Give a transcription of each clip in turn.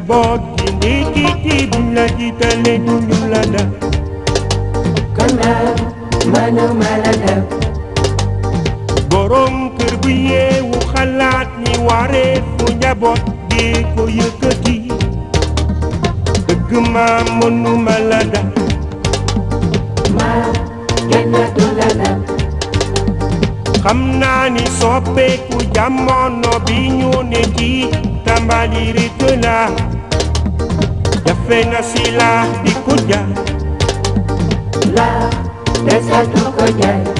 njaboot gi ndikiti buñ la jiitale duñu la def kon daal mënuma la def borom kër bu yeewu xalaat ni waree fu njaboot gi ko yëkkati dëgg ma mënuma la def ma kenn du la def xam naa ni soppeeku jamono bi ñu ne ci tambali ritula dafe na sila di ko la des na du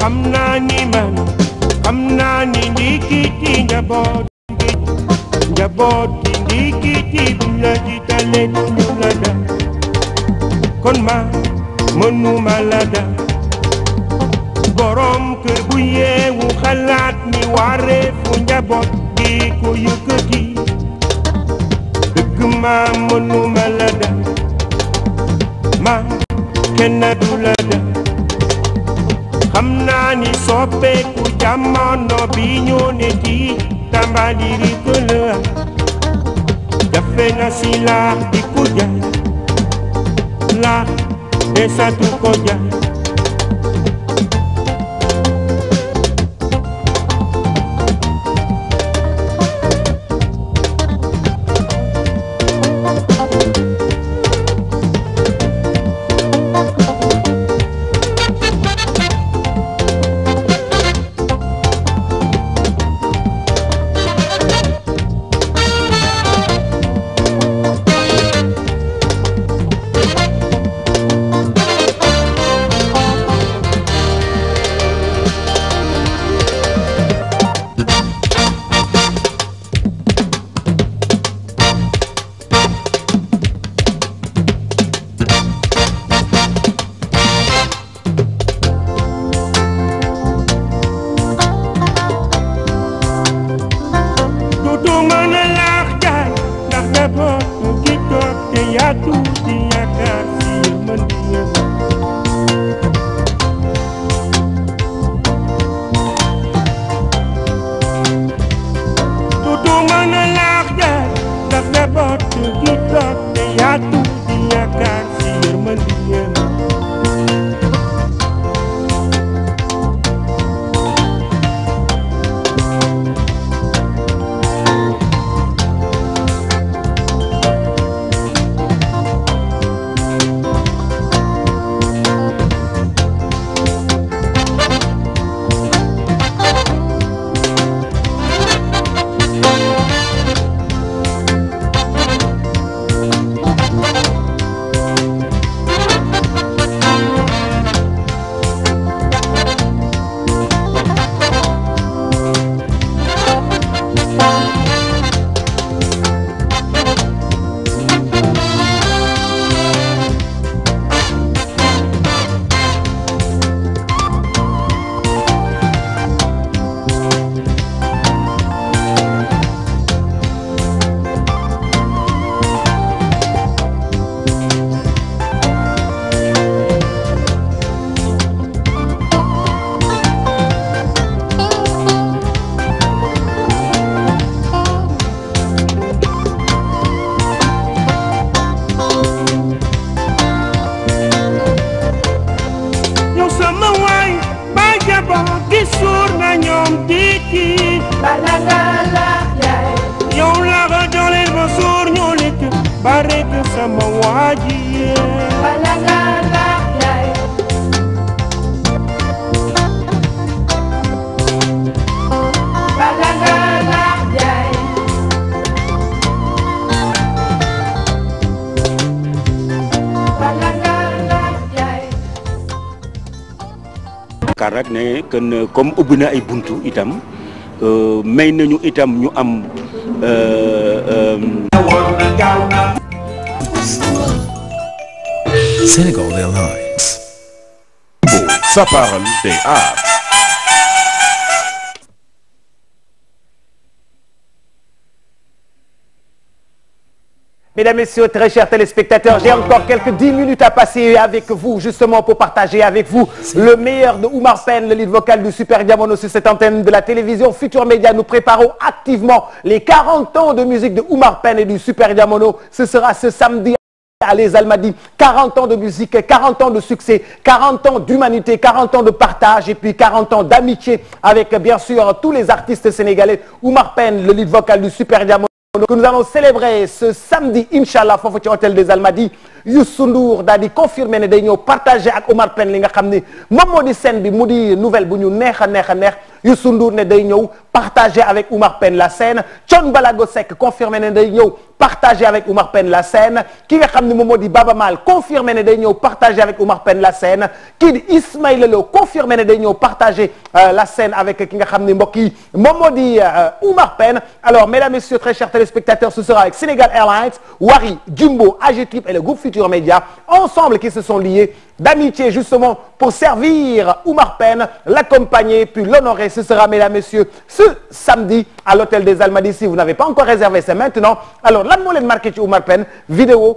xam naa ni man xam naa ni ndikiti njaboot gi njaboot ndikiti buñ la jitale duñu la da kon ma mënuma la da borom kër bu yeewu xalaat ni wareefu njaboot gi ko yëkkati dëgg ma mënuma la da ma kenn du la da xam naa ni soppeeku jamono bi ñu ne di tambadiri këla jafe na si laa di ko jaay laa desatu ko du mën a laax jaay ndax dafa mu ci toog te yaa tuuti sama waaji yee bala nga laax day bala nga laax day bala nga laax day kar rek ne kon comme ubbi na ay buntu itam euh, may nañu itam ñu am euh, euh, Sénégal Airlines. Sa parole, c'est Mesdames, Messieurs, très chers téléspectateurs, j'ai encore quelques dix minutes à passer avec vous, justement pour partager avec vous le meilleur de Oumar Pène, le lead vocal du Super Diamono sur cette antenne de la télévision Futur Média. Nous préparons activement les 40 ans de musique de Oumar Pène et du Super Diamono. Ce sera ce samedi à Les Almadies, 40 ans de musique, 40 ans de succès, 40 ans d'humanité, 40 ans de partage que nous allons célébrer ce samedi incha allah foofu ci hôtel des Almadies Youssou Ndour daal di confirmer ne day ñëw partager ak Omar Pène li nga xam ni moom moo di scène bi mu di nouvelle bu ñu neex a neex a neex. Youssou Ndour ne day ñëw partager avec Oumar Pène la scène Thione Balago Seck confirmé ne day ñëw partager avec Oumar Pène la scène ki nga xam ne moom moo di Baba Maal confirmé ne day ñëw partager avec Oumar Pène la scène kii di Ismaïla Lo confirmé ne day ñëw partager euh, la scène avec ki nga xam ne mbokk yi moom moo di euh, Oumar Pène alors mesdames et messieurs très chers téléspectateurs ce sera avec Sénégal Airlines Wari Jumbo AG Trip et le groupe Futur Média ensemble qui se sont liés d'amitié justement pour servir Oumar Pène, l'accompagner puis l'honorer. Ce sera, mesdames, messieurs, ce samedi à l'hôtel des Almadies. Si vous n'avez pas encore réservé, c'est maintenant. Alors lan moo leen marqué ci Oumar Pène vidéo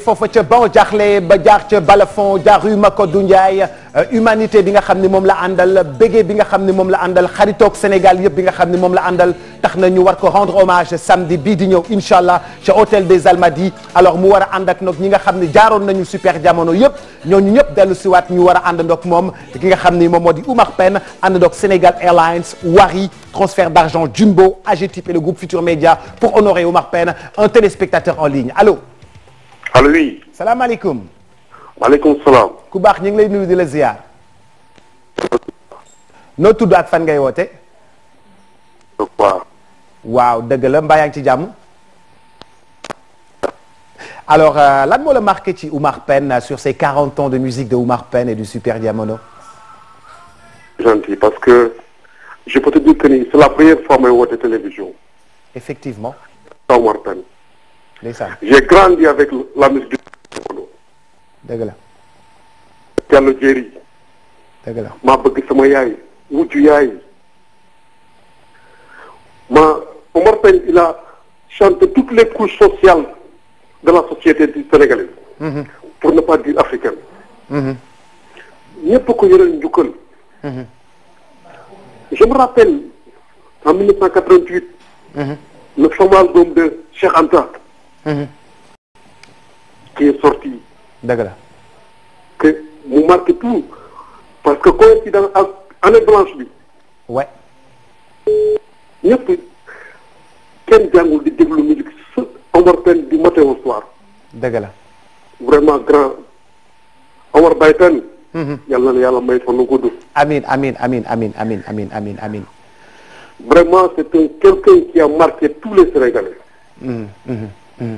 foofa ca ban jaaxle ba jaar ca balafon jaar rue Makodou Ndiaye euh, humanité bi nga xam ne moom la àndal bége bi nga xam ne moom la àndal xaritoog Sénégal yëpp bi nga xam ne moom la àndal tax na ñu war ko rendre hommage samedi bii di ñëw incha allah ca hôtel des Almadies alors mu war a ànd ak ñi nga xam ne jaaroon nañu super jamono yëpp ñooñu ñëpp dellu siwaat ñu war a ànd ndoog moom ki nga xam ni moom moo di Oumar Pène ànd ndoog Sénégal Airlines Wari transfert d'argent Jumbo AGETIP et le groupe Futur Média pour honorer Oumar Pène un téléspectateur en ligne allô allo oui. salaamaaleykum. maaleykum salaam. ku baax ñu ngi lay nuyu di la ziar. noo tudd fan ngay woote. waaw. waaw dëgg la mbaa ngi ci jàmm. alors euh, lan moo la marqué ci Oumar Pène euh, sur ces quarante ans de musique de Oumar Pène et du Super Diamono. gentil parce que je peux te dire c'est la première fois may woote télévision. effectivement. Oumar Pène. j'ai grandi avec la musique du Modou. dëgg la. Diallo Jéeri. dëgg la bëgg sama yaay wujju yaay. ma Omar il a chanté toutes les couches sociales de la société du sénégalaise. Mhm. pour ne pas dire africaine. Mhm. ñëpp ko yore njukkal. Mhm. je me rappelle en 1988. Mm -hmm. le fameux album de Cheikh Mhm. qui est sorti. dëgg la. que mu marqué tout parce que coïncidence ak année blanche bi. wa. ñëpp kenn jàngul di déglu musique su Omar Pène du matin au soir. dëgg vraiment grand Omar Baye Pène. Mhm. yàlla na yàlla may fan nu gudd. amiin amiin amiin amiin amiin amiin amiin vraiment c'est un quelqu'un qui a marqué tous les Sénégalais. Mhm, Hmm.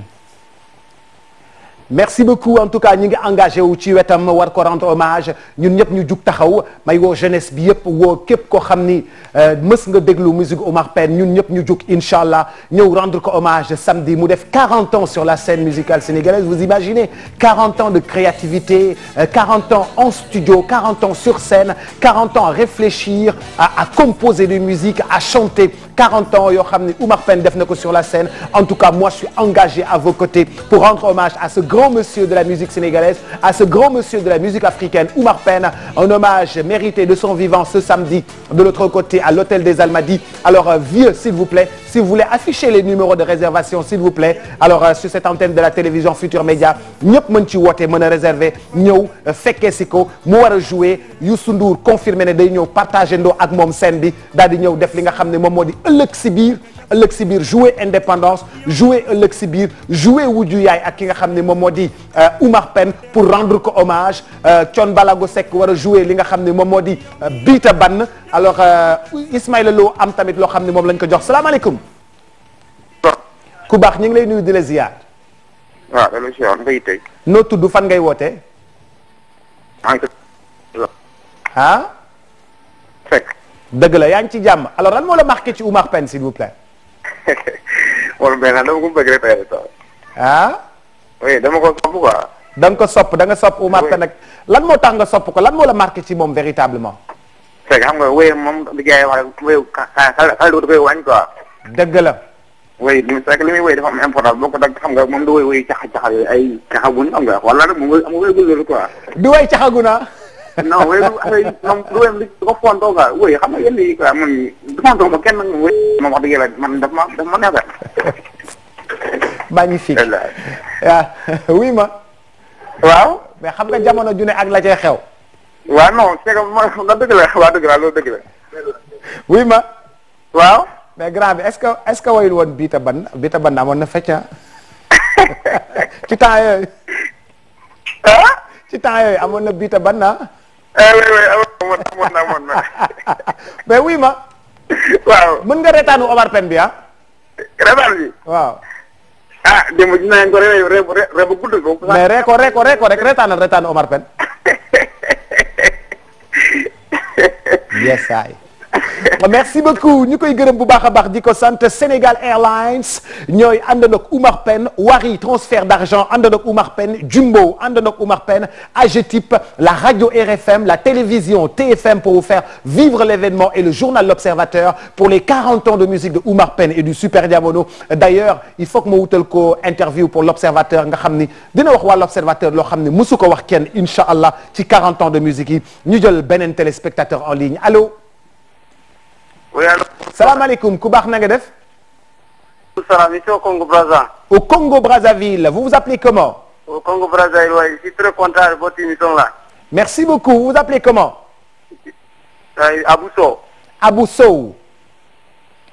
merci beaucoup en tout cas ñi ngi engagé wu ci wetam war ko rendre hommage ñun ñëpp ñu jug taxaw may woo jeunesse bi yëpp woo képp koo xam ni euh, mës nga déglu musique Omar Pène ñun ñëpp ñu jug incha allah ñëw rendre ko hommage samedi mu def 40 ans sur la scène musicale sénégalaise vous imaginez 40 ans de créativité 40 euh, ans en studio 40 ans sur scène 40 ans à réfléchir à composer des musiques à chanter ans yoo Oumar Pène def sur la scène en tout cas moi je suis engagé à vos côtés pour rendre hommage à ce grand monsieur de la musique sénégalaise à ce grand monsieur de la musique africaine Oumar Pène un hommage mérité de son vivant ce samedi de l'autre côté à l'hôtel des Almadies alors euh, vieux s'il vous plaît Si vous voulez afficher les numéros de réservation s'il vous plaît alors euh, sur cette antenne de la télévision Futur Média ñëpp mën ci woote mën a réserver ñëw euh, fekkee si ko mu war a you Youssou Ndour confirmé ne day ñëw partagé ndo ak moom scène bi daal di ñëw def li nga xam ne moom moo di ëllëg si biir ëllëg si biir jouer indépendance jouer ëllëg si biir jouer wujju yaay ak ki nga xam ne moom moo di euh, Oumar Pène pour rendre ko hommage euh, Thione Balago Seck war a jouer li nga xam ne moom moo di Biita Ban alors Ismaïla Lo am tamit loo xam ne moom lañ ko jox salaamaaleykum ku baax ñu ngi lay nuyu di la ziar. mbay tey. noo tudd fan ngay woote maa ngi dëgg la yaa ngi ci jàmm alors lan moo la marqué ci Oumar Pène s'il vous plaît. wala mbay naa dama ko dama ko sopp quoi. ko sopp da nga sopp Oumar Pène nag lan moo tax nga sopp ko lan moo la marqué ci moom véritablement. fekk moom di jaay wax rek wéy ka dëgg la. way li mu fekk li muy woy dafa am importance boo ko dag xam nga moom du woy woy caxa caxa yooyu ay caxagun xam nga wala nag moom am woy gul loolu quoi du woy caxaguna non wéy wéy moom du wéyam li ko fontoo quoi wéy xam nga yenn yi quoi man du fontoo ma kenn nag wéy moom wax dëgg yàlla man daf ma daf ma neex magnifique waaw ah, wuy ma waaw xam nga jamono ju ne ak la cay xew waaw non c'est que ma nga dëgg la waa dëgg ma waaw mais grand bi est-ce que est-ce que wayul woon biita band biita band na fecca ci temps yooyu. ah. ci temps yooyu amoon na biita ban na ah? eh, amoon na. ma. waaw mën nga reetaanu Omar Pène bi ah. reetaan bi. waaw. ah démb dinaa ko ree ree merci beaucoup ñu koy gërëm bu baax a baax di ko sant Sénégal Airlines ñooy àndandoo ak Oumar Pène Wari transfert d'argent àndandoo ak Oumar Pène Jumbo àndandoo ak Oumar Pène AGETIP la radio RFM la télévision TFM pour vous faire vivre l'événement et le journal L'Observateur pour les 40 ans de musique de Oumar Pène et du Super Diamono d'ailleurs il faut que ma wutal ko interview pour L'Observateur nga xam ni dina wax waa L'Observateur loo xam ne musu ko wax kenn incha allah ci 40 ans de musique ñu jël beneen téléspectateur en ligne salaamaaleykum ku baax na nga def. salaam ici au Congo Brazza. au Congo Brazzaville vous vous appelez comment. au Congo Brazzaville merci beaucoup vous vous appelez comment. Euh, Abou Sow. Abou Sow.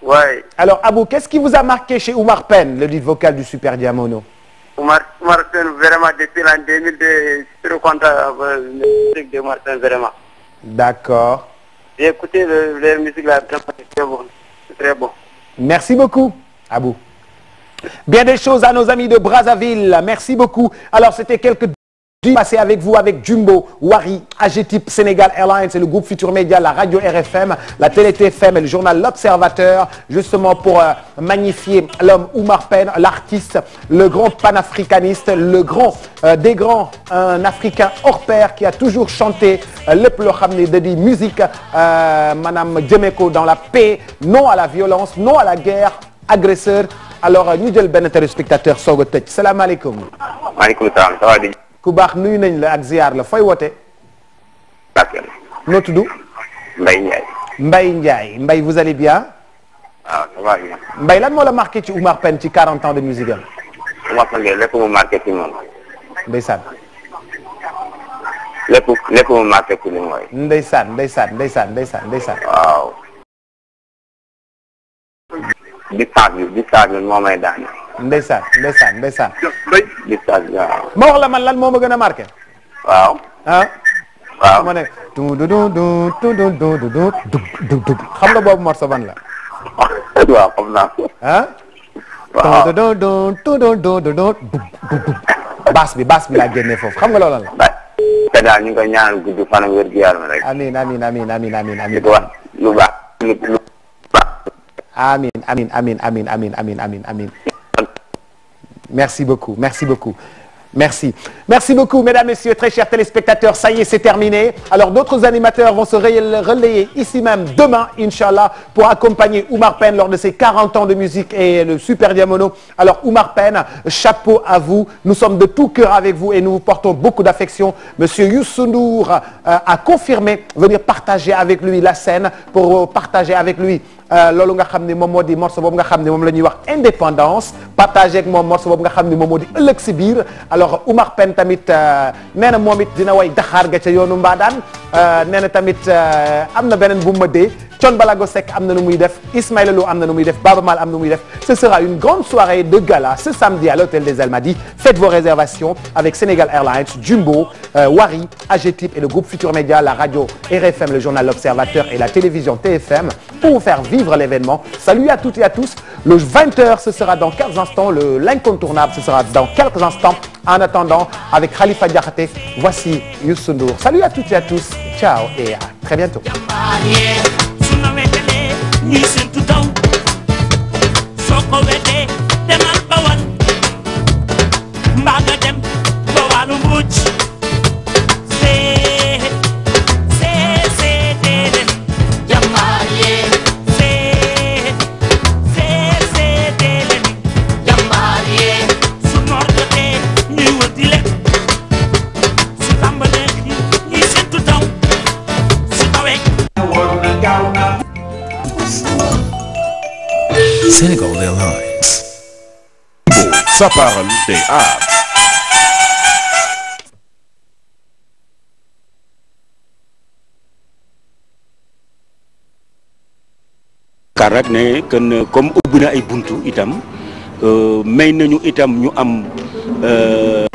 Ouais. Alors Abou, qu'est-ce qui vous a marqué chez Oumar Pène, le lead vocal du Super Diamono? Euh, D'accord. J'ai écouté le, leur musique très bon. Merci beaucoup, Abou. Bien des choses à nos amis de Brazzaville. Merci beaucoup. Alors, c'était quelques du passé avec vous avec Jumbo Wari AGETIP Sénégal Airlines et le groupe Futur Média la radio RFM la télé TFM et le journal L'Observateur justement pour euh, magnifier l'homme Oumar Pène l'artiste le grand panafricaniste le grand euh, des grands un Africain qui a toujours chanté lépp loo xam ne da di musique euh, maanaam jëmee ko dans la paix non à la violence non à la guerre agresseur alors euh, ñu jël benn téléspectateur soog a tëj salaamaaleykum. ku baax nuyu nañ la ak ziar la fooy wote Bakel. noo tudd. Mbaye Ndiaye. Mbaye Ndiaye Mbaye vous allez bien. waaw ah, ça va bien. Mbaye lan moo la marqué ci Oumar Pène ci 40 ans de musique am. Oumar Pène de lépp mu marqué ci moom. ndeysaan. lépp lépp mu marqué ci li mooy. ndeysaan ndeysaan ndeysaan ndeysaan ndeysaan. waaw. distance bi distance bi moo may daane. ndeysaan ndeysaan ndeysaan. distance waaw. ma wax la man lan moo ma gën a marqué. waaw. ah. waaw ma ne. du boobu morceau ban la. waaw baas bi baas bi laa génnee foofu xam nga loola la. te daal ñu ngi koy ñaanal gudd fan ak wér gu yaram rek. amiin Merci beaucoup, merci beaucoup. Merci. Merci beaucoup, mesdames, messieurs, très chers téléspectateurs. Ça y est, c'est terminé. Alors, d'autres animateurs vont se relayer ici même demain, Inch'Allah, pour accompagner Oumar Pène lors de ses 40 ans de musique et le Super Diamono. Alors, Oumar Pène, chapeau à vous. Nous sommes de tout cœur avec vous et nous vous portons beaucoup d'affection. Monsieur Youssou euh, a confirmé venir partager avec lui la scène, pour partager avec lui Euh, loolu nga xam ni moom moo di morceau boobu nga xam ni moom la ñuy wax indépendance partagé ak moom morceau boobu nga xam ni moom moo di ëllëg si biir alors Oumar Pène tamit euh, nee na moom it dina way daxaar ga ca yoonu mbaadaan Euh, nee na tamit euh, am na beneen bu ma dee Thione Balago Seck am na nu muy def Ismaïla Lo am na nu muy def Baba Maal am na muy def ce sera une grande soirée de gala ce samedi à l'hôtel des Almadies faites vos réservations avec Sénégal Airlines Jumbo euh, Wari AGETIP et le groupe Futur Média la radio RFM le journal L'Observateur et la télévision TFM pour vous faire vivre l'événement salut à toutes et à tous le ce sera dans quelques instants l'incontournable ce sera En attendant, avec Khalifa Diakhaté, voici Youssou Ndour. Salut à toutes et à tous. Ciao et à très bientôt. Senegal Airlines. Sa parole des arts. kar rek ne kenn comme ubbi ay buntu itam euh, may nañu itam ñu am euh,